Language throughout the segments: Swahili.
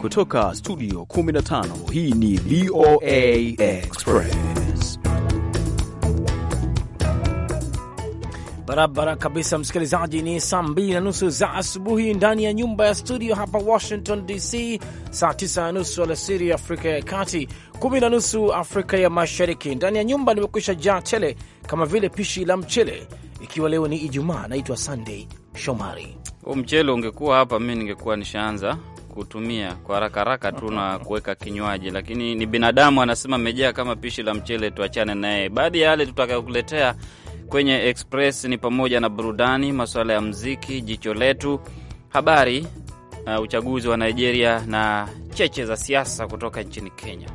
Kutoka studio 15 hii ni VOA Express barabara kabisa, msikilizaji. Ni saa mbili na nusu za asubuhi ndani ya nyumba ya studio hapa Washington DC, saa tisa na nusu alasiri Afrika ya Kati, kumi na nusu Afrika ya Mashariki. Ndani ya nyumba nimekwisha jaa tele kama vile pishi la mchele, ikiwa leo ni Ijumaa. Naitwa Sunday Shomari. Huu mchele ungekuwa hapa, mi ningekuwa nishaanza kutumia kwa haraka haraka tu na kuweka kinywaji, lakini ni binadamu, anasema mejaa kama pishi la mchele, tuachane naye. Baadhi ya yale tutakayokuletea kwenye Express ni pamoja na burudani, masuala ya mziki, jicho letu, habari, uh, uchaguzi wa Nigeria na cheche za siasa kutoka nchini Kenya.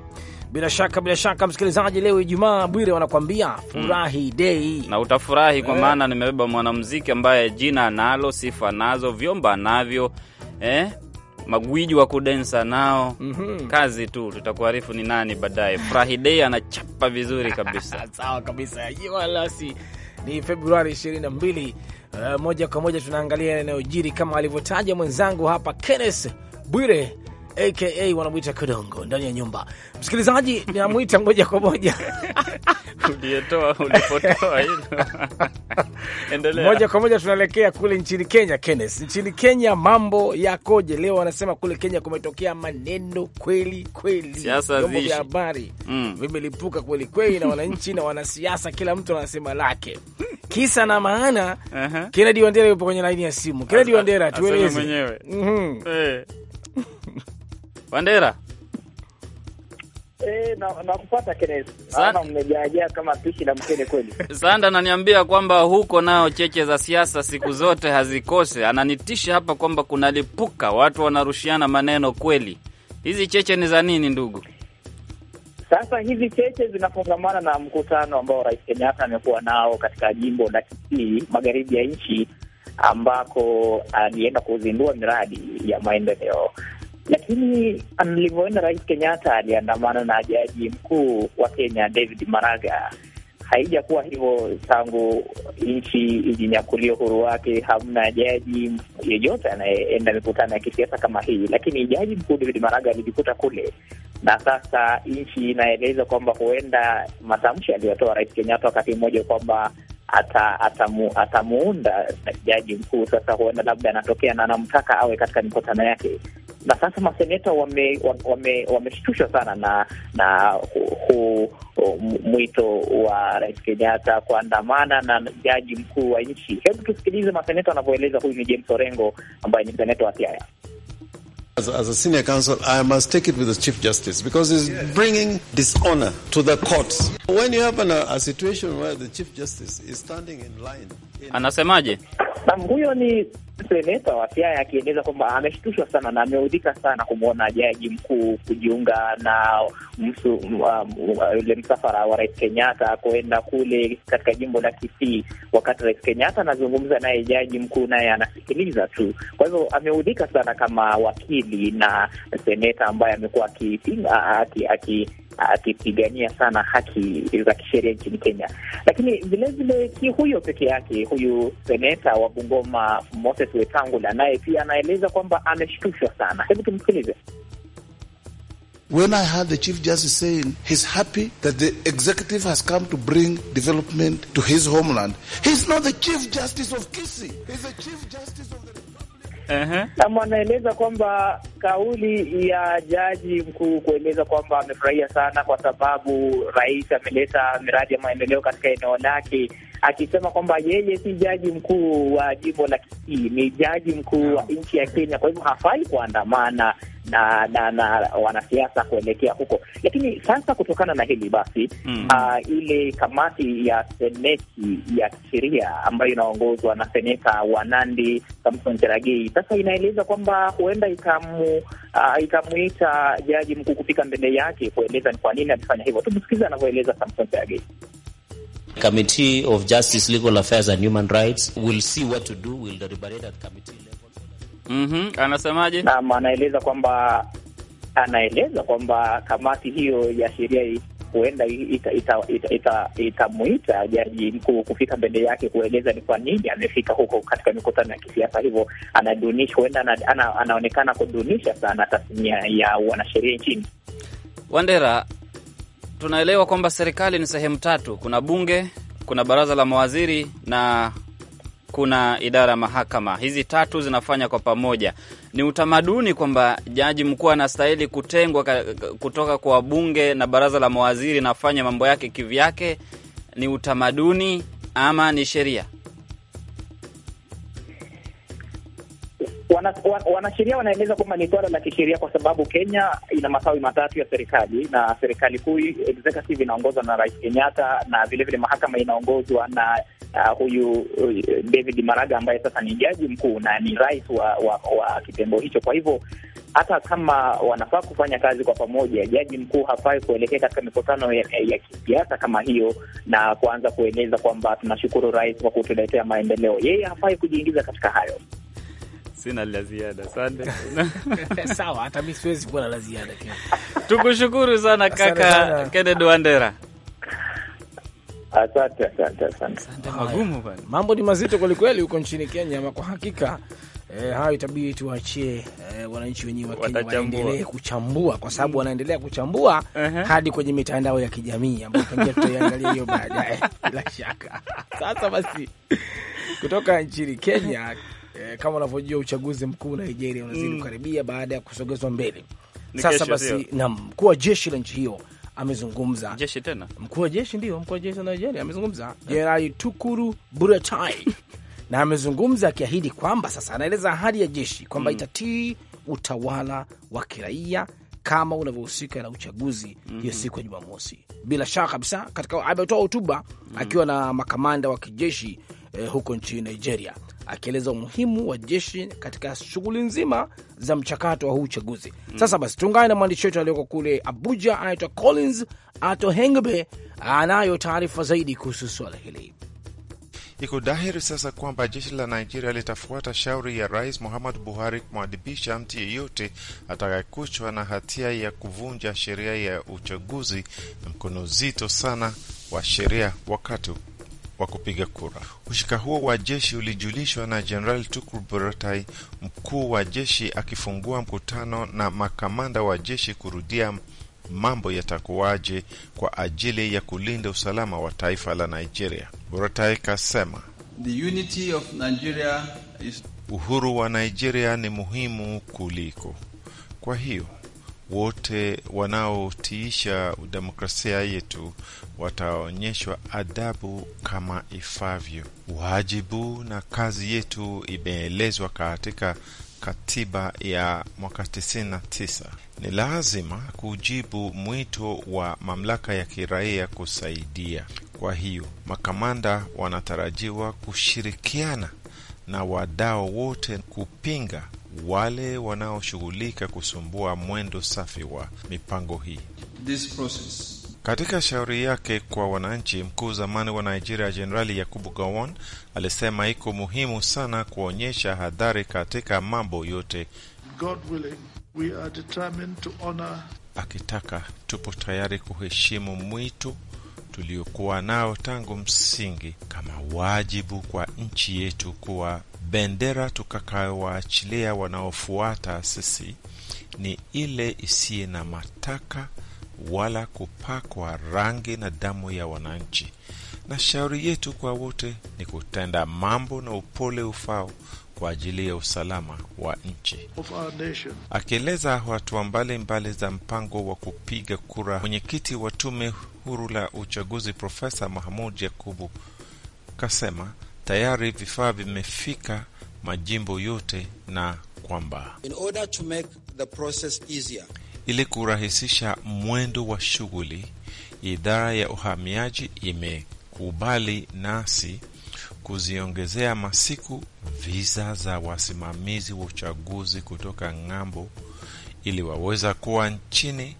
Bila shaka bila shaka, msikilizaji, leo Ijumaa, Bwire wanakwambia hmm. furahi dei, na utafurahi kwa eh. maana nimebeba mwanamuziki ambaye jina analo, sifa nazo, vyomba anavyo eh, magwiji wa kudensa nao mm -hmm. Kazi tu, tutakuarifu ni nani baadaye. frahidei anachapa vizuri kabisa sawa kabisa, alasi ni Februari 22. Uh, eh, moja kwa moja tunaangalia yanayojiri kama alivyotaja mwenzangu hapa Kenneth Bwire aka wanamwita Kudongo ndani ya nyumba. Msikilizaji namwita moja kwa moja moja kwa moja tunaelekea kule nchini Kenya. Kenneth, nchini Kenya mambo yakoje leo? Wanasema kule Kenya kumetokea maneno kweli kweli, vya habari mm, vimelipuka kweli kweli na wananchi na wanasiasa, kila mtu anasema lake kisa na maana. uh -huh. Kennedy Wandera yupo kwenye laini ya simu. Kennedy Wandera, tueleze mwenyewe. Mhm. Eh. Wandera. E, na mmejaajaa kama pishi la mkele kweli. Sanda ananiambia kwamba huko nao cheche za siasa siku zote hazikose, ananitisha hapa kwamba kunalipuka, watu wanarushiana maneno kweli. Hizi cheche ni za nini ndugu? Sasa hizi cheche zinafungamana na mkutano ambao Rais Kenyatta amekuwa nao katika jimbo la Kisii magharibi ya nchi ambako alienda kuzindua miradi ya maendeleo lakini alivyoenda um, Rais Kenyatta aliandamana na jaji mkuu wa Kenya David Maraga. Haijakuwa hivyo tangu nchi ijinyakulia uhuru wake. Hamna jaji yeyote anayeenda mikutano ya kisiasa kama hii, lakini jaji mkuu David Maraga alijikuta kule, na sasa nchi inaeleza kwamba huenda matamshi aliyotoa Rais Kenyatta wakati mmoja kwamba atamu, atamuunda jaji mkuu sasa, huenda labda anatokea na anamtaka awe katika mikutano yake na sasa maseneta wameshtushwa wame, wame sana na na mwito wa Rais Kenyatta kuandamana na jaji mkuu wa nchi. Hebu tusikilize maseneta wanavyoeleza. Huyu ni James Orengo ambaye ni seneta wa Siaya. As, as a senior counsel, I must take it with the Chief Justice because bringing dishonor to the courts. When you have a situation where the Chief Justice is standing in line in... Anasemaje? Nam huyo ni seneta wa Siaya akieleza kwamba ameshtushwa sana na ameudhika sana kumwona jaji mkuu kujiunga na um, ule msafara wa rais Kenyatta kuenda kule katika jimbo la Kisii. Wakati rais Kenyatta anazungumza naye, jaji mkuu naye anasikiliza tu. Kwa hivyo ameudhika sana kama wakili na seneta ambaye amekuwa akipinga Ah, akipigania sana haki za kisheria nchini Kenya. Lakini vilevile si huyo peke yake, huyu seneta wa Bungoma Moses Wetangula naye pia anaeleza kwamba ameshtushwa sana. Hebu tumsikilize. When I heard the Chief Justice saying he's happy that the executive has come to bring development to his homeland, he's not the Chief Justice of Kisii. He's the Chief Justice of the na anaeleza kwamba kauli ya jaji mkuu kueleza kwamba amefurahia sana kwa sababu rais ameleta miradi ya maendeleo katika eneo lake, akisema kwamba yeye si jaji mkuu wa jimbo la Kisii, ni jaji mkuu wa nchi ya Kenya, kwa hivyo hafai kuandamana na na, na wanasiasa kuelekea huko. Lakini sasa kutokana na hili basi, mm. -hmm. uh, ile kamati ya seneti ya sheria ambayo inaongozwa na seneta wa Nandi Samson Cherargei sasa inaeleza kwamba huenda ikamu uh, ikamuita jaji mkuu kufika mbele yake kueleza ni kwa nini alifanya hivyo. Tumsikize anavyoeleza Samson Cherargei. Committee of Justice, Legal Affairs and Human Rights will see what to do. Will deliberate at Committee mm -hmm. Anasemaje? Naam, anaeleza kwamba anaeleza kwamba kamati hiyo ya sheria huenda itamuita ita, ita, ita, ita jaji mkuu kufika mbele yake kueleza ni kwa nini amefika huko katika mikutano ya kisiasa. Hivyo anadunisha huenda ana, ana, anaonekana kudunisha sana tasnia ya wanasheria nchini. Wandera, tunaelewa kwamba serikali ni sehemu tatu: kuna bunge, kuna baraza la mawaziri na kuna idara ya mahakama. Hizi tatu zinafanya kwa pamoja. Ni utamaduni kwamba jaji mkuu anastahili kutengwa kutoka kwa bunge na baraza la mawaziri, nafanya mambo yake kivyake. Ni utamaduni ama ni sheria? Wanasheria wana wanaeleza kwamba ni swala la kisheria kwa sababu Kenya ina matawi matatu ya serikali, na serikali kuu eh, executive inaongozwa na Rais Kenyatta, na vilevile mahakama inaongozwa na uh, huyu uh, David Maraga ambaye sasa ni jaji mkuu na ni rais wa, wa, wa kitengo hicho. Kwa hivyo hata kama wanafaa kufanya kazi kwa pamoja, jaji mkuu hafai kuelekea katika mikutano ya, ya kisiasa kama hiyo na kuanza kueleza kwamba tunashukuru rais kwa kutuletea maendeleo. Yeye hafai kujiingiza katika hayo. Sina la ziada, asante. Sawa, hata mimi siwezi kuwa na la ziada. Tukushukuru sana kaka Kennedy Wandera. Asante, asante, asante. Magumu bwana. mambo ni mazito kwelikweli huko nchini Kenya, ama kwa hakika eh, hayo itabidi tuachie eh, wananchi wenyewe wa Kenya waendelee kuchambua, kwa sababu mm. wanaendelea kuchambua uh -huh. hadi kwenye mitandao ya kijamii ambayo pengine tutaiangalia hiyo baadaye bila shaka. Sasa basi kutoka nchini Kenya eh, kama unavyojua uchaguzi mkuu Nigeria unazidi mm. kukaribia baada ya kusogezwa mbele. Sasa basi, naam, mkuu wa jeshi la nchi hiyo amezungumza. Jeshi tena, mkuu wa jeshi ndio mkuu wa jeshi wa Nigeria amezungumza, eh. Jenerali Tukuru Buratai na amezungumza akiahidi kwamba sasa, anaeleza ahadi ya jeshi kwamba mm. itatii utawala wa kiraia kama unavyohusika na uchaguzi mm hiyo -hmm. siku ya Jumamosi, bila shaka kabisa. Katika ametoa hotuba mm -hmm. akiwa na makamanda wa kijeshi eh, huko nchini Nigeria akieleza umuhimu wa jeshi katika shughuli nzima za mchakato wa huu uchaguzi. Mm. Sasa basi tuungane na mwandishi wetu aliyoko kule Abuja, anaitwa Collins Ato Hengbe, anayo taarifa zaidi kuhusu suala hili. Iko dhahiri sasa kwamba jeshi la Nigeria litafuata shauri ya Rais muhamad Buhari kumwadhibisha mtu yeyote atakayekuchwa na hatia ya kuvunja sheria ya uchaguzi na mkono zito sana wa sheria wakati wa kupiga kura. Ushirika huo wa jeshi ulijulishwa na Jenerali Tukur Buratai, mkuu wa jeshi, akifungua mkutano na makamanda wa jeshi kurudia mambo yatakuwaje kwa ajili ya kulinda usalama wa taifa la Nigeria. Buratai kasema The unity of Nigeria is... uhuru wa Nigeria ni muhimu kuliko, kwa hiyo wote wanaotiisha demokrasia yetu wataonyeshwa adabu kama ifavyo. Wajibu na kazi yetu imeelezwa katika katiba ya mwaka 99. Ni lazima kujibu mwito wa mamlaka ya kiraia kusaidia. Kwa hiyo makamanda wanatarajiwa kushirikiana na wadau wote kupinga wale wanaoshughulika kusumbua mwendo safi wa mipango hii. This process. Katika shauri yake kwa wananchi, mkuu zamani wa Nigeria Jenerali Yakubu Gowon alisema iko muhimu sana kuonyesha hadhari katika mambo yote. God willing, we are determined to honor... akitaka tupo tayari kuheshimu mwito tuliokuwa nao tangu msingi kama wajibu kwa nchi yetu kuwa bendera tukakawaachilia wanaofuata sisi ni ile isiye na mataka wala kupakwa rangi na damu ya wananchi, na shauri yetu kwa wote ni kutenda mambo na upole ufao kwa ajili ya usalama wa nchi. Akieleza hatua mbalimbali za mpango wa kupiga kura, mwenyekiti wa tume huru la uchaguzi Profesa Mahmud Yakubu kasema tayari vifaa vimefika majimbo yote na kwamba In order to make the process easier, ili kurahisisha mwendo wa shughuli, idara ya uhamiaji imekubali nasi kuziongezea masiku viza za wasimamizi wa uchaguzi kutoka ng'ambo ili waweza kuwa nchini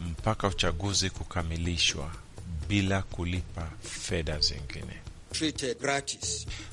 mpaka uchaguzi kukamilishwa bila kulipa fedha zingine.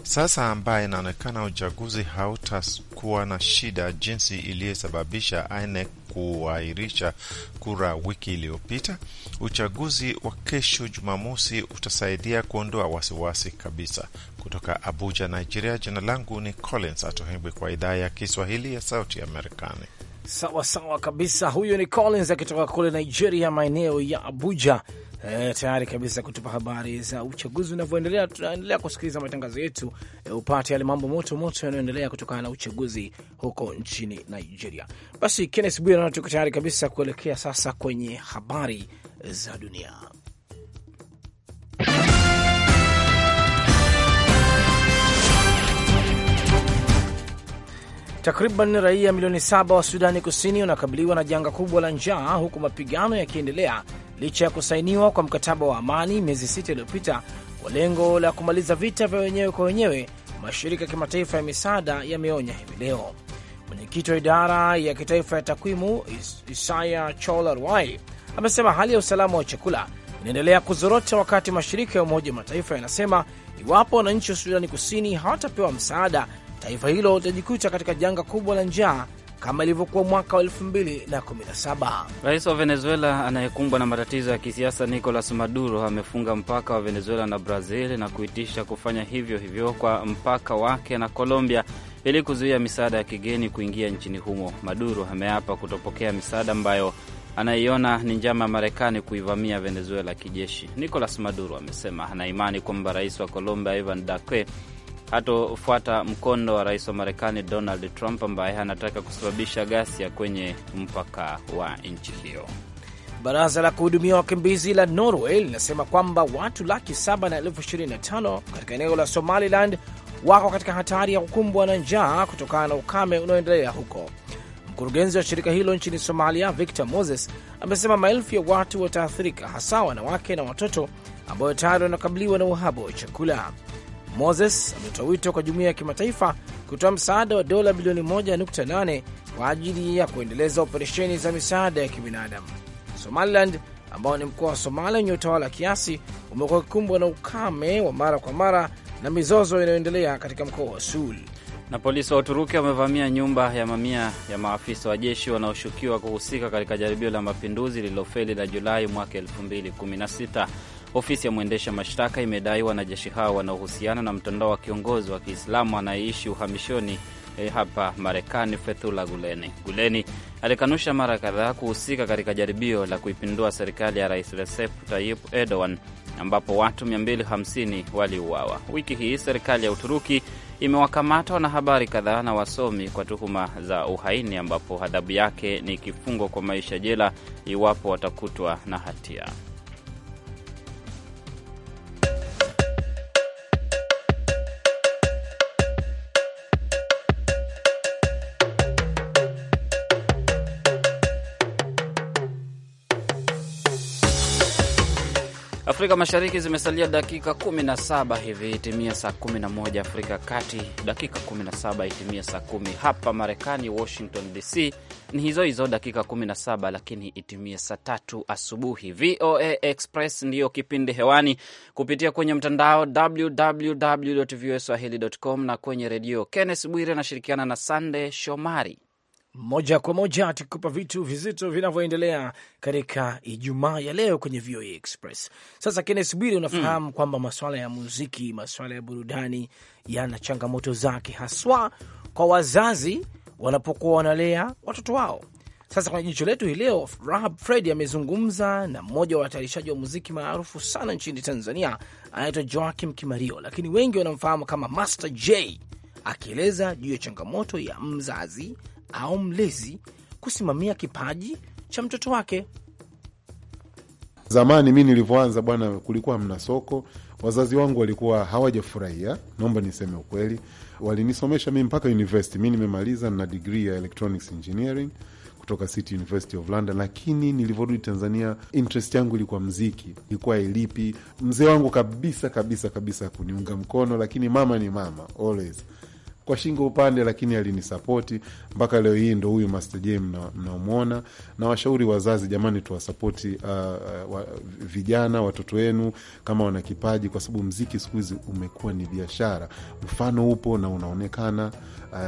Sasa ambaye inaonekana uchaguzi hautakuwa na shida jinsi iliyosababisha INEC kuahirisha kura wiki iliyopita, uchaguzi wa kesho Jumamosi utasaidia kuondoa wasiwasi kabisa. Kutoka Abuja, Nigeria, jina langu ni Collins Atohengwi kwa idhaa ya Kiswahili ya Sauti Amerikani. Sawa sawa kabisa. huyu ni Collins akitoka kule Nigeria, maeneo ya Abuja. E, tayari kabisa kutupa habari za uchaguzi unavyoendelea. Tunaendelea kusikiliza matangazo yetu e, upate yale mambo moto moto yanayoendelea kutokana na uchaguzi huko nchini Nigeria. Basi Kennes naona tuko tayari kabisa kuelekea sasa kwenye habari za dunia. Takriban raia milioni saba wa Sudani Kusini wanakabiliwa na janga kubwa la njaa huku mapigano yakiendelea licha ya kusainiwa kwa mkataba wa amani miezi sita iliyopita kwa lengo la kumaliza vita vya wenyewe kwa wenyewe. Mashirika ya kimataifa ya misaada yameonya hivi leo. Mwenyekiti wa idara ya kitaifa ya takwimu Is Isaya Chola amesema hali ya usalama wa chakula inaendelea kuzorota, wakati mashirika ya Umoja wa Mataifa yanasema iwapo wananchi wa Sudani Kusini hawatapewa msaada taifa hilo litajikuta katika janga kubwa la njaa kama ilivyokuwa mwaka wa 217 Rais wa Venezuela anayekumbwa na matatizo ya kisiasa Nicolas Maduro amefunga mpaka wa Venezuela na Brazil na kuitisha kufanya hivyo hivyo kwa mpaka wake na Colombia ili kuzuia misaada ya kigeni kuingia nchini humo. Maduro ameapa kutopokea misaada ambayo anaiona ni njama ya Marekani kuivamia Venezuela kijeshi. Nicolas Maduro amesema anaimani kwamba rais wa Colombia Ivan Duque hatofuata mkondo wa rais wa Marekani Donald Trump ambaye anataka kusababisha ghasia kwenye mpaka wa nchi hiyo. Baraza la kuhudumia wakimbizi la Norway linasema kwamba watu laki saba na elfu ishirini na tano katika eneo la Somaliland wako katika hatari ya kukumbwa na njaa kutokana na ukame unaoendelea huko. Mkurugenzi wa shirika hilo nchini Somalia, Victor Moses, amesema maelfu ya watu wataathirika, hasa wanawake na watoto ambao tayari wanakabiliwa na uhaba wa chakula. Moses ametoa wito kwa jumuiya ya kimataifa kutoa msaada wa dola bilioni 1.8 kwa ajili ya kuendeleza operesheni za misaada ya kibinadamu. Somaliland ambao ni mkoa wa Somalia wenye utawala kiasi umekuwa ukikumbwa na ukame wa mara kwa mara na mizozo inayoendelea katika mkoa wa Sul. Na polisi wa Uturuki wamevamia nyumba ya mamia ya maafisa wa jeshi wanaoshukiwa kuhusika katika jaribio la mapinduzi lililofeli la Julai mwaka 2016. Ofisi ya mwendesha mashtaka imedai wanajeshi hao wanaohusiana na mtandao wa kiongozi wa Kiislamu anayeishi uhamishoni eh, hapa Marekani, Fethullah Guleni. Guleni alikanusha mara kadhaa kuhusika katika jaribio la kuipindua serikali ya Rais Recep Tayyip Erdogan ambapo watu 250 waliuawa. Wiki hii serikali ya Uturuki imewakamata wanahabari kadhaa na wasomi kwa tuhuma za uhaini ambapo adhabu yake ni kifungo kwa maisha jela iwapo watakutwa na hatia. Afrika Mashariki zimesalia dakika 17 hivi itimia saa 11 Afrika Kati, dakika 17 itimia saa kumi hapa Marekani, Washington DC ni hizo hizo dakika 17, lakini itimie saa tatu asubuhi. VOA Express ndiyo kipindi hewani kupitia kwenye mtandao www voaswahili.com na kwenye redio. Kenneth Bwire anashirikiana na Sande Shomari moja kwa moja tukikupa vitu vizito vinavyoendelea katika Ijumaa ya leo kwenye VOA Express. Sasa Kennes Bwire, unafahamu mm, kwamba maswala ya muziki, maswala ya burudani yana changamoto zake, haswa kwa wazazi wanapokuwa wanalea watoto wao. Sasa kwenye jicho letu hii leo, Rahab Fred amezungumza na mmoja wa watayarishaji wa muziki maarufu sana nchini Tanzania, anaitwa Joakim Kimario, lakini wengi wanamfahamu kama Master J, akieleza juu ya changamoto ya mzazi au mlezi kusimamia kipaji cha mtoto wake. Zamani mi nilivyoanza bwana, kulikuwa mna soko. Wazazi wangu walikuwa hawajafurahia, naomba niseme ukweli. Walinisomesha mi mpaka university, mi nimemaliza na degree ya electronics engineering kutoka City University of London, lakini nilivyorudi Tanzania interest yangu ilikuwa mziki, ilikuwa ilipi. Mzee wangu kabisa kabisa kabisa kuniunga mkono, lakini mama ni mama always kwa shingo upande, lakini alinisapoti mpaka leo hii. Ndo huyu Master J mnaomwona. Na washauri wazazi, jamani, tuwasapoti uh, uh, vijana watoto wenu kama wana kipaji, kwa sababu mziki siku hizi umekuwa ni biashara. Mfano upo na unaonekana.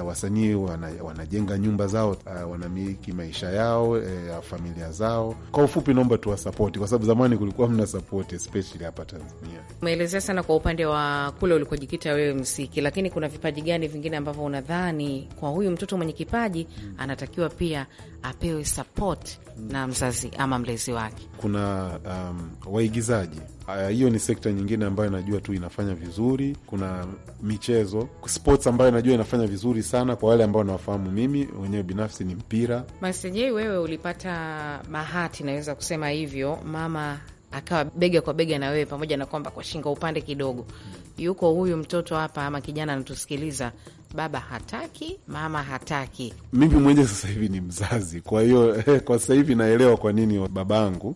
Uh, wasanii wanajenga wana nyumba zao, uh, wanamiliki maisha yao, uh, familia zao. Kwa ufupi, naomba tuwasapoti kwa sababu zamani kulikuwa mna sapoti, especially hapa Tanzania. Umeelezea sana kwa upande wa kule ulikojikita wewe mziki, lakini kuna vipaji gani vingine vingine ambavyo unadhani kwa huyu mtoto mwenye kipaji mm. anatakiwa pia apewe support mm. na mzazi ama mlezi wake. Kuna um, waigizaji ah, hiyo ni sekta nyingine ambayo najua tu inafanya vizuri. Kuna michezo sports ambayo najua inafanya vizuri sana kwa wale ambao nawafahamu mimi wenyewe binafsi ni mpira. Masejei, wewe ulipata bahati, naweza kusema hivyo, mama akawa bega kwa bega na wewe, pamoja na kwamba kwa shingo upande kidogo. Yuko huyu mtoto hapa ama kijana anatusikiliza, baba hataki, mama hataki. Mimi mwenye sasa hivi ni mzazi, kwa hiyo kwa sasa hivi naelewa kwa nini babangu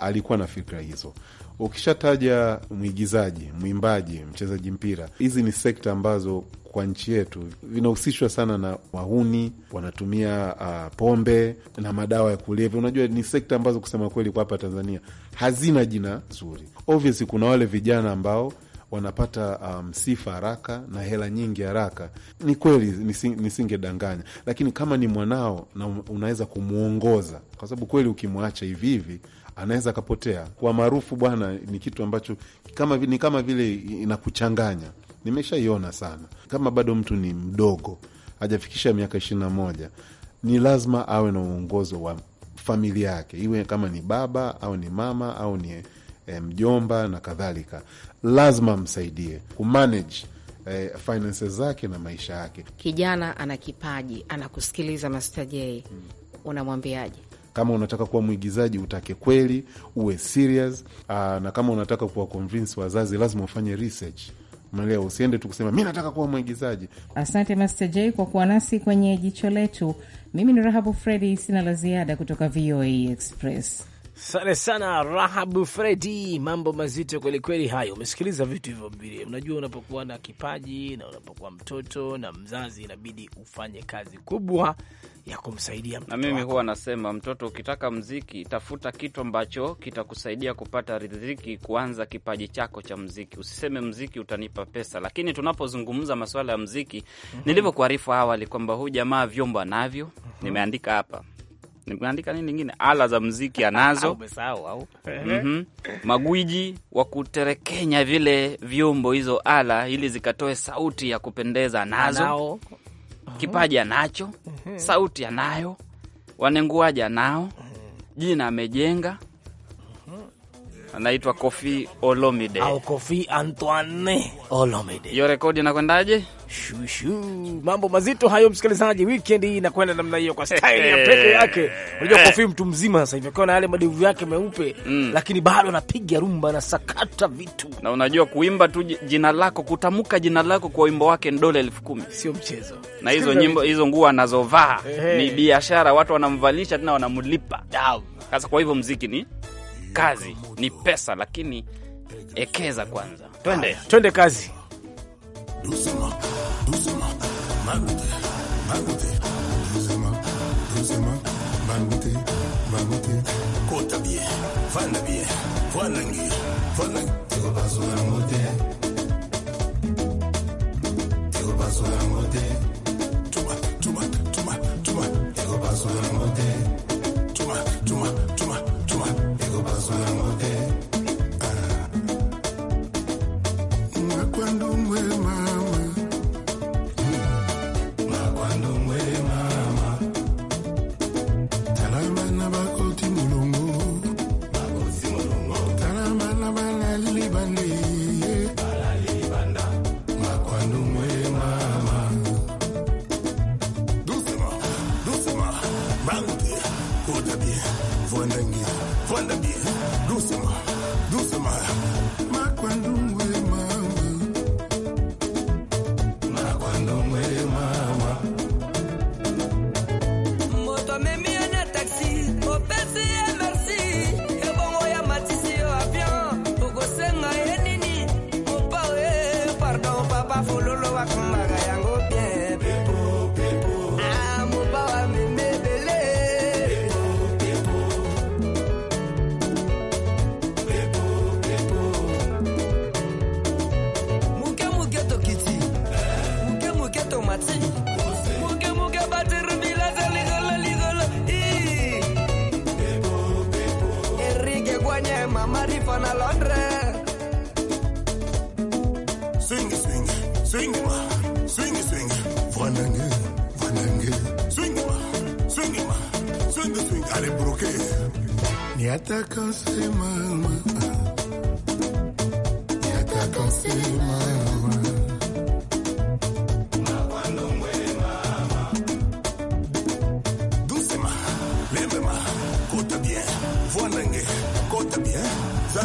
alikuwa na fikra hizo. Ukishataja mwigizaji, mwimbaji, mchezaji mpira, hizi ni sekta ambazo kwa nchi yetu vinahusishwa sana na wahuni, wanatumia uh, pombe na madawa ya kulevya. Unajua, ni sekta ambazo kusema kweli kwa hapa Tanzania hazina jina zuri. Obviously kuna wale vijana ambao wanapata um, sifa haraka na hela nyingi haraka. Ni kweli, nisingedanganya, lakini kama ni mwanao na unaweza kumwongoza, kwa sababu kweli ukimwacha hivi hivi anaweza akapotea. Kwa maarufu bwana, ni kitu ambacho kama, ni kama vile inakuchanganya. Nimeshaiona sana, kama bado mtu ni mdogo hajafikisha miaka ishirini na moja ni lazima awe na uongozo wa familia yake, iwe kama ni baba au ni mama au ni Eh, mjomba na kadhalika, lazima msaidie kumanage eh, finances zake na maisha yake. Kijana ana kipaji, anakusikiliza Master hmm. Unamwambiaje? Kama unataka kuwa mwigizaji utake kweli, uwe serious. Aa, ah, na kama unataka kuwa convince wazazi lazima ufanye research. Umeelewa? Usiende tu kusema mi nataka kuwa mwigizaji. Asante Master J kwa kuwa nasi kwenye jicho letu. Mimi ni Rahabu Fredi, sina la ziada kutoka VOA Express. Sante sana Rahabu Fredi, mambo mazito kwelikweli hayo. Umesikiliza vitu hivyo mbili. Unajua, unapokuwa na kipaji na unapokuwa mtoto na mzazi, inabidi ufanye kazi kubwa ya kumsaidia mtoto. Na mimi huwa nasema mtoto, ukitaka mziki, tafuta kitu ambacho kitakusaidia kupata riziki, kuanza kipaji chako cha mziki. Usiseme mziki utanipa pesa, lakini tunapozungumza masuala ya mziki, mm -hmm. nilivyokuarifu awali kwamba huu jamaa vyombo anavyo, mm -hmm. nimeandika hapa nimeandika nini ingine ala za mziki anazo mm-hmm. magwiji wa kuterekenya vile vyombo, hizo ala ili zikatoe sauti ya kupendeza anazo, kipaji anacho, mhm. sauti anayo, wanenguaji anao, mhm. jina amejenga anaitwa Kofi Olomide au Kofi Antoine Olomide. Hiyo rekodi inakwendaje? Shushu, mambo mazito hayo, msikilizaji. Weekend hii inakwenda namna hiyo kwa style ya peke yake. Unajua Kofi mtu mzima sasa hivi akiwa na yale madevu yake meupe mm, lakini bado anapiga rumba na sakata vitu, na unajua kuimba tu jina lako, kutamka jina lako kwa wimbo wake ni dola elfu kumi sio mchezo. Na hizo nyimbo, hizo nguo anazovaa ni biashara, watu wanamvalisha tena wanamlipa. Sasa kwa hivyo mziki ni kazi ni pesa, lakini ekeza kwanza. Twende twende kazi. Cause when I'm muke tomatsi muke muke bila erige na londre swing swing swing ma swing swing vanange vanange swing ma swing ma swing swing ale broke mama, niata ni mama.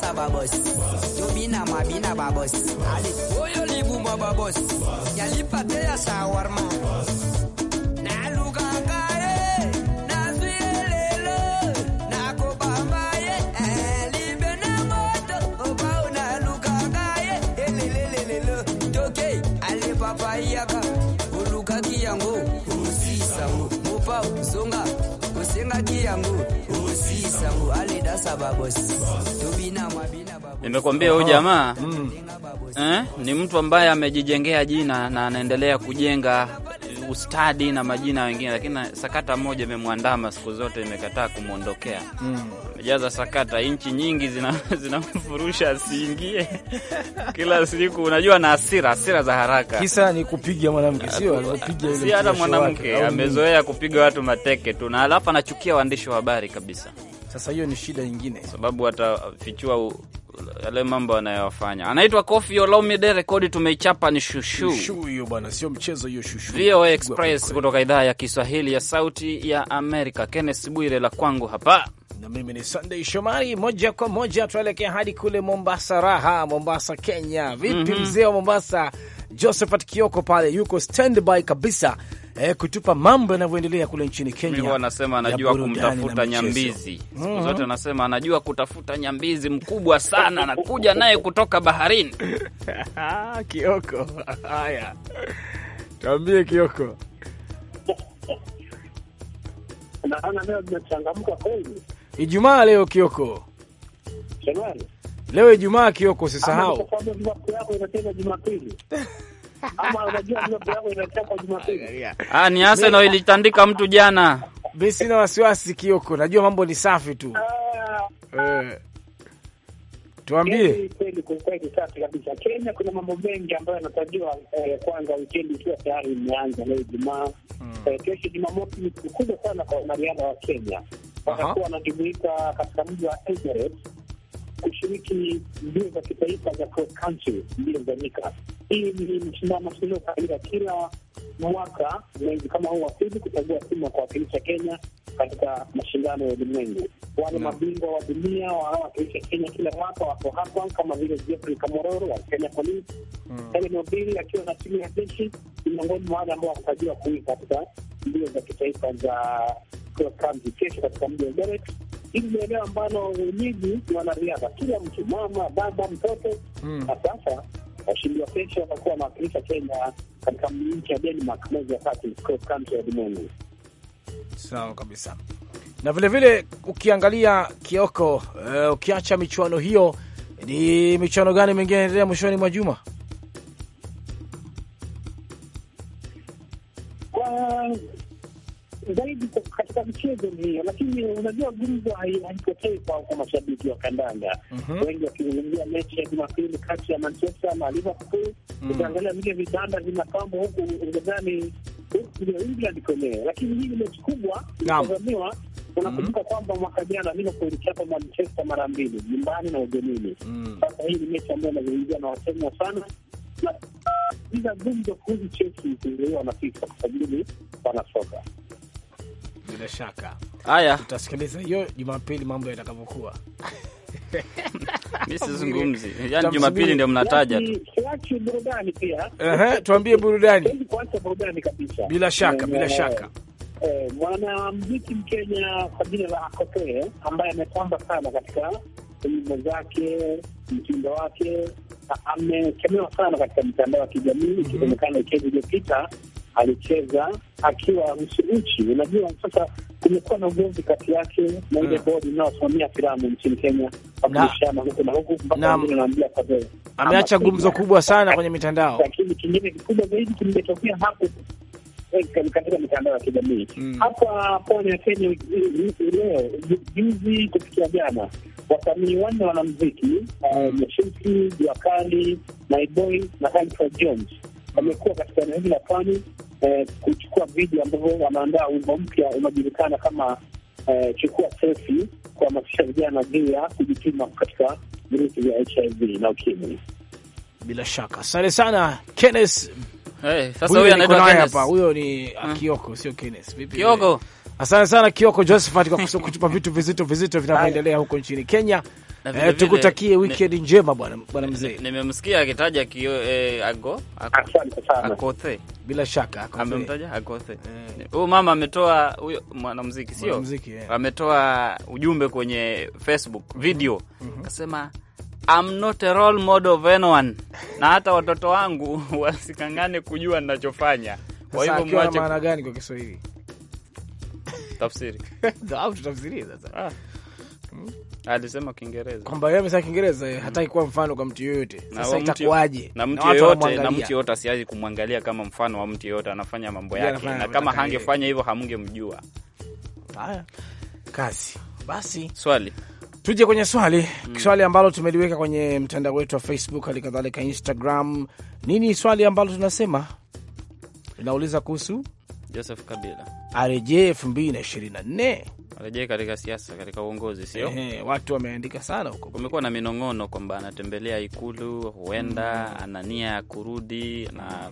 Sasa babos yo bina ma bina babos ali oyo libu ma babos yalipatea shawarma na luka kare na zwilelo na kobamba ye libe na moto obao na luka kare elelelelelo toke ali papayaka oluka kiyango osisa mopao zonga osengaki yango Nimekwambia huyu jamaa mm, eh, ni mtu ambaye amejijengea jina na anaendelea kujenga ustadi na majina wengine, lakini sakata moja imemwandama siku zote, imekataa kumwondokea. Mm. Amejaza mm. sakata, nchi nyingi zinamfurusha zina asiingie kila siku, unajua na asira asira za haraka. Kisa ni kupiga mwanamke, ah, sio si hata mwanamke, amezoea kupiga watu mateke tu, na alafu anachukia waandishi wa habari kabisa. Sasa hiyo ni shida nyingine, sababu atafichua yale mambo anayofanya. Anaitwa Kofi Olomide, rekodi tumeichapa ni shushu. Shushu hiyo bwana, sio mchezo hiyo shushu. VOA Express kutoka idhaa ya Kiswahili ya Sauti ya Amerika. kennes Bwire la kwangu hapa na mimi ni Sunday Shomari. Moja kwa moja tuelekea hadi kule Mombasa, raha Mombasa, Kenya. Vipi mhm. mzee wa Mombasa Josephat Kioko pale yuko standby kabisa eh, kutupa mambo yanavyoendelea kule nchini Kenya. Anasema anajua kumtafuta nyambizi siku mm -hmm. zote, anasema anajua kutafuta nyambizi mkubwa sana anakuja naye kutoka baharini Kioko, haya tuambie Kioko. leo Ijumaa leo Kioko. Leo Ijumaa Kioko, usisahau. ama unajua Ah, ni hasa ilitandika mtu jana. Mimi sina wasiwasi Kioko, najua mambo ni safi tu. Ah. Eh. Tuambie kweli, kweli safi kabisa. Kenya kuna mambo mengi ambayo yanatarajiwa. Eh, kwanza wikendi ikiwa tayari imeanza leo Ijumaa, hmm. eh, kesho Jumamosi ni kubwa sana kwa wanariadha wa Kenya, watakuwa wanajumuika katika mji wa Eldoret kushiriki mbio za kitaifa za cross country, mbio za nyika. Hii ni mshindano uliofanyika kila mwaka mwezi kama huu wa pili, kuchagua timu ya kuwakilisha Kenya katika mashindano ya ulimwengu. Wale mabingwa wa dunia wanaowakilisha Kenya kila mwaka wako hapa, kama vile Jeffrey Kamororo wa Kenya Police, Helen hmm. Obiri akiwa na timu ya jeshi, ni miongoni mwa wale ambao wakutajiwa kuwin katika mbio za kitaifa za cross country kesho katika mji wa Eldoret hili ni eneo ambalo wenyeji ni wanariadha, kila mtu, mama, baba, mtoto mm. na sasa washindi wa kesho watakuwa wanawakilisha Kenya katika nchi ya Denmark mwezi wa tatu cross country ya ulimwengu. Sawa kabisa. Na vilevile vile, ukiangalia Kioko, uh, ukiacha michuano hiyo, ni michuano gani mingine inaendelea mwishoni mwa juma? zaidi katika michezo hiyo, lakini unajua gumzo haipotei kwa mashabiki wa kandanda, mhm. wengi wakizungumzia mechi ya Jumapili kati ya Manchester na Liverpool. Mhm. Ukiangalia vile vitanda vinapambwa huku Uingerezani, huku England kwenyewe, lakini hii ni mechi kubwa ilitazamiwa. Mhm. Unakumbuka kwamba mwaka jana Liverpool ilichapa Manchester mara mbili nyumbani na ugenini. Sasa hii ni mechi ambayo inazungumzia na wasemwa sana na iza gumzo kuhusu Chelsea kuzuiwa na FIFA kwa sababu wanasoka bila shaka. Haya, tutasikiliza hiyo Jumapili mambo yatakavyokuwa. Mimi sizungumzi, yani Jumapili ndio mnataja tu. Uh -huh, tuambie burudani kabisa. Bila shaka, bila eh, shaka E, eh, mwanamziki Mkenya kwa jina la Akotee ambaye amepamba sana katika nyimbo zake, mtindo wake, amekemewa sana katika mitandao ya kijamii mhm. ikisemekana wiki iliyopita alicheza akiwa nchi. Unajua, sasa kumekuwa na ugomvi kati yake na ile mm. bodi inayosimamia filamu nchini Kenya, wakishana huku na huku mpaka wengine wanaambia kadhaa. Ameacha gumzo kubwa sana kwenye mitandao, lakini kingine kikubwa zaidi kimetokea hapo eh, katika mitandao ya kijamii mm. hapa ah, pwani ya Kenya. Eh, eh, leo juzi kufikia jana, wasanii wanne wanamziki mm. Mshiki, Juakali, Naiboy na Hanford Jones wamekuwa katika eneo hili la pwani eh, kuchukua video ambavyo wanaandaa wimbo mpya unajulikana kama eh, chukua selfie, kuhamasisha vijana juu ya kujipima katika virusi vya HIV na ukimwi. Bila shaka, asante sana Kenneth. Hey, sasa huyo ni ah, hmm. Kioko sio Kenneth. Vipi Kioko? Asante sana Kioko Josephat kwa kutupa vitu vizito vizito vinavyoendelea huko nchini Kenya. Eh, tukutakie weekend njema bwana bwana mzee. Nimemsikia akitaja kio eh, ago akothe, bila shaka amemtaja akothe eh. huyu eh. Mama ametoa huyo mwanamuziki sio mwanamuziki yeah. Ametoa ujumbe kwenye Facebook mhm. video mm -hmm. I'm not a role model of anyone na hata watoto wangu wasikangane kujua ninachofanya. Kwa hivyo mwache. Maana gani kwa Kiswahili? Tafsiri. sasa. Ah. Hmm? alisema Kiingereza kwamba yeye amesema Kiingereza, eh, hataki kuwa mfano kwa mtu yoyote. Sasa itakuwaje? Na mtu yoyote na mtu yoyote asiaje kumwangalia kama mfano wa mtu yoyote, anafanya mambo yake, na kama hangefanya hivyo hamngemjua. Haya, kazi basi. Swali tuje kwenye swali mm. Swali ambalo tumeliweka kwenye mtandao wetu wa Facebook, hali kadhalika Instagram. Nini swali ambalo tunasema inauliza kuhusu Joseph Kabila arejee 2024 Warejee katika siasa, katika uongozi, sio? Ehe, watu wameandika sana huko. Kumekuwa na minong'ono kwamba anatembelea Ikulu, huenda mm, ana nia ya kurudi, na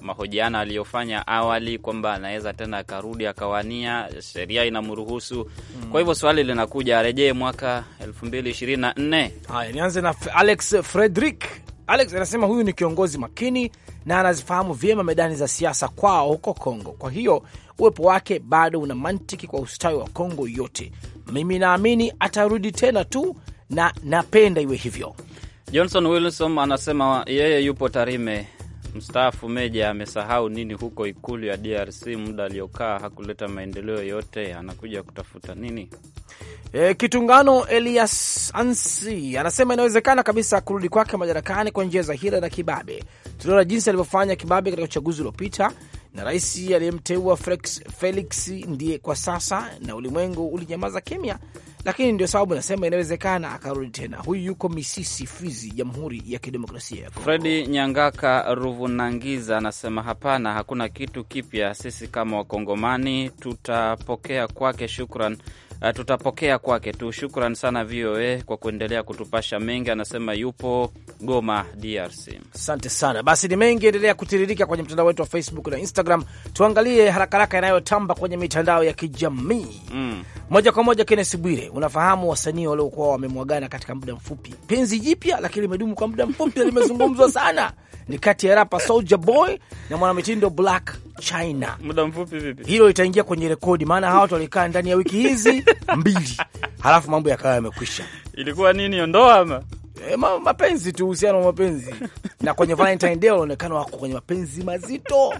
mahojiano aliyofanya awali kwamba anaweza tena akarudi akawania, sheria inamruhusu mm. Kwa hivyo swali linakuja, arejee mwaka 2024? Haya, nianze na Alex Frederick. Alex anasema huyu ni kiongozi makini na anazifahamu vyema medani za siasa kwao huko Kongo, kwa hiyo uwepo wake bado una mantiki kwa ustawi wa Kongo yote. Mimi naamini atarudi tena tu na napenda iwe hivyo. Johnson Wilson anasema yeye yupo Tarime, mstaafu meja. Amesahau nini huko ikulu ya DRC? Muda aliyokaa hakuleta maendeleo yote, anakuja kutafuta nini? E, Kitungano Elias Ansi anasema inawezekana kabisa kurudi kwake madarakani kwa njia za hila na kibabe. Tuliona jinsi alivyofanya kibabe katika uchaguzi uliopita, na rais aliyemteua Felix ndiye kwa sasa, na ulimwengu ulinyamaza kimya, lakini ndio sababu nasema inawezekana akarudi tena. Huyu yuko Misisi, Fizi, Jamhuri ya Kidemokrasia ya Kongo. Fredi Nyangaka Ruvunangiza anasema hapana, hakuna kitu kipya. Sisi kama Wakongomani tutapokea kwake, shukran Eh, tutapokea kwake tu. Shukran sana VOA kwa kuendelea kutupasha mengi. Anasema yupo Goma, DRC. Asante sana. Basi ni mengi endelea kutiririka kwenye mtandao wetu wa Facebook na Instagram. Tuangalie harakaharaka yanayotamba kwenye mitandao ya kijamii mm. Moja kwa moja, Kennes Bwire, unafahamu wasanii waliokuwa wamemwagana katika muda mfupi, penzi jipya lakini limedumu kwa muda mfupi, limezungumzwa sana, ni kati ya rapa Soulja Boy na mwanamitindo Black China. Muda mfupi vipi? Hilo litaingia kwenye rekodi, maana hawa watu walikaa ndani ya wiki hizi mbili, halafu mambo yakawa yamekwisha. Ilikuwa nini, ondoa ama E, ma, mapenzi tu, uhusiano wa mapenzi na kwenye Valentine Day wanaonekana wako kwenye mapenzi mazito,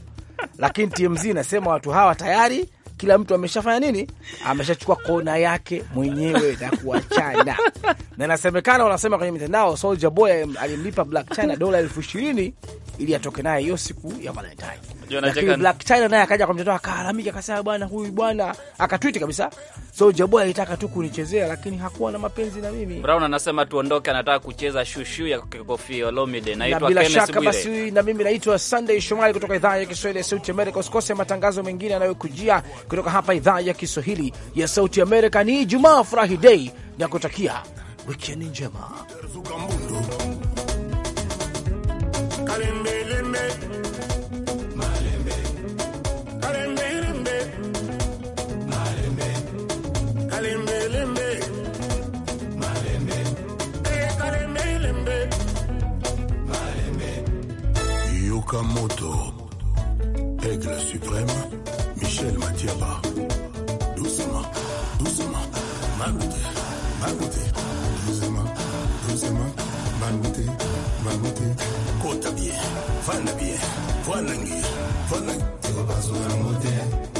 lakini TMZ inasema watu hawa tayari kila mtu ameshafanya nini, ameshachukua kona yake mwenyewe na kuachana na inasemekana, wanasema kwenye mitandao Soldier Boy alimlipa Black China dola elfu ishirini ili atoke naye hiyo siku ya Valentine. Lakini Black Tyler naye akaja kwa mtoto akalalamika, akasema bwana, huyu bwana akatwiti kabisa, so Jaboy alitaka tu kunichezea, lakini hakuwa na mapenzi na mimi. Brown anasema tuondoke, anataka kucheza shushu ya Kofi Olomide. Naitwa Kenneth Bwire. Shaka basi, na mimi naitwa Sunday Shomari kutoka idhaa ya Kiswahili ya Sauti America. Usikose matangazo mengine yanayokujia kutoka hapa idhaa ya Kiswahili ya Sauti America. Ni Ijumaa, furahi day na kutakia wikendi njema. moto. Aigle suprême, Michel Matiaba. Doucement, doucement, mal goûté. Doucement, doucement, Magouté, Magouté. Kota bien, à bien, Vanangi, Vanangi. vas pas besoin